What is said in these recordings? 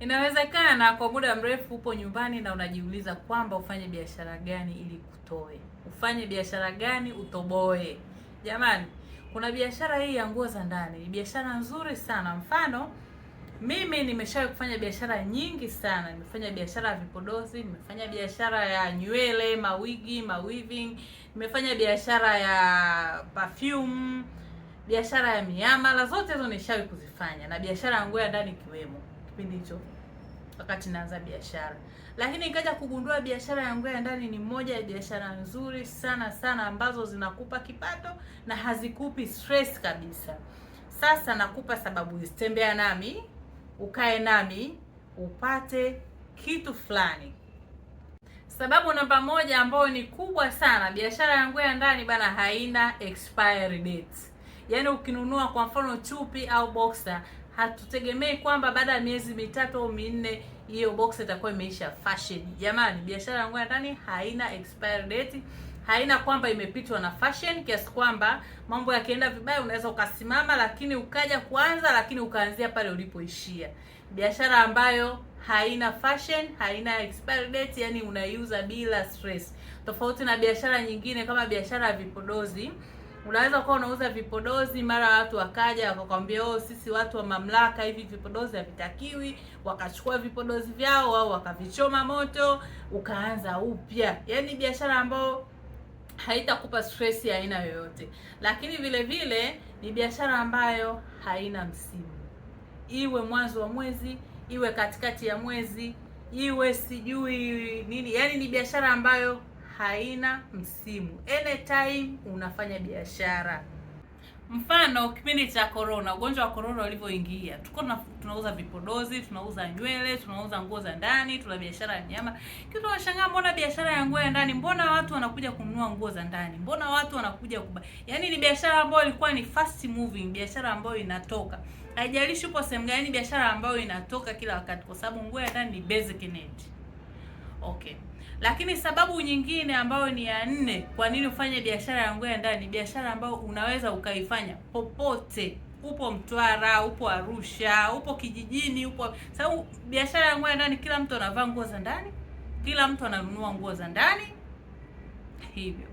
Inawezekana kwa muda mrefu upo nyumbani na unajiuliza kwamba ufanye biashara gani ili kutoe, ufanye biashara gani utoboe. Jamani, kuna biashara hii ya nguo za ndani, ni biashara nzuri sana. Mfano, mimi nimeshawahi kufanya biashara nyingi sana. Nimefanya biashara ya vipodozi, nimefanya biashara ya nywele, mawigi, mawiving, nimefanya biashara ya perfume, biashara ya miamala, zote hizo nimeshawahi kuzifanya, na biashara ya nguo ya ndani ikiwemo kipindi hicho wakati naanza biashara, lakini nikaja kugundua biashara ya ya ndani ni moja ya biashara nzuri sana sana ambazo zinakupa kipato na hazikupi stress kabisa. Sasa nakupa sababu hizi, tembea nami, ukae nami, upate kitu fulani. Sababu namba moja ambayo ni kubwa sana, biashara ya ya ndani bana, haina expiry date. Yaani ukinunua kwa mfano chupi au boxer hatutegemei kwamba baada ya miezi mitatu au minne hiyo box itakuwa imeisha fashion. Jamani, biashara ya nguo ya ndani haina expire date, haina kwamba imepitwa na fashion kiasi kwamba mambo yakienda vibaya unaweza ukasimama, lakini ukaja kuanza, lakini ukaanzia pale ulipoishia. Biashara ambayo haina fashion, haina expire date, yani unaiuza bila stress, tofauti na biashara nyingine kama biashara ya vipodozi Unaweza kuwa unauza vipodozi, mara watu wakaja wakakwambia, oh, sisi watu wa mamlaka, hivi vipodozi havitakiwi, wakachukua vipodozi vyao au wakavichoma moto, ukaanza upya. Yaani biashara ambayo haitakupa stress ya aina yoyote, lakini vile vile ni biashara ambayo haina msimu, iwe mwanzo wa mwezi, iwe katikati ya mwezi, iwe sijui nini, yaani ni biashara ambayo haina msimu, anytime unafanya biashara. Mfano kipindi cha corona, ugonjwa wa corona ulivyoingia, tulikuwa tunauza vipodozi, tunauza nywele, tunauza nguo za ndani, tuna biashara ya nyama. Kitu tunashangaa, mbona biashara ya nguo ya ndani, mbona watu wanakuja kununua nguo za ndani, mbona watu wanakuja kuba, yaani ni biashara ambayo ilikuwa ni fast moving, biashara ambayo inatoka, haijalishi upo sehemu gani, biashara ambayo inatoka kila wakati, kwa sababu nguo ya ndani ni basic need. Okay. Lakini sababu nyingine ambayo ni ya nne, kwa nini ufanye biashara ya nguo ya ndani, biashara ambayo unaweza ukaifanya popote upo Mtwara, upo Arusha, upo kijijini, upo sababu biashara ya nguo ya ndani, kila mtu anavaa nguo za ndani, kila mtu ananunua nguo za ndani, hivyo.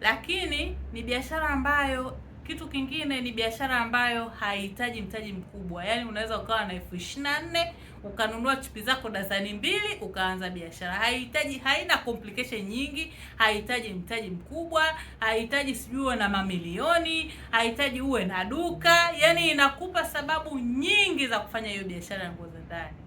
Lakini ni biashara ambayo kitu kingine ni biashara ambayo haihitaji mtaji mkubwa, yaani unaweza ukawa na elfu ishirini na nne ukanunua chupi zako dazani mbili ukaanza biashara. Haihitaji, haina complication nyingi, haihitaji mtaji mkubwa, haihitaji sijui uwe na mamilioni, haihitaji uwe na duka, yaani inakupa sababu nyingi za kufanya hiyo biashara ya nguo za ndani.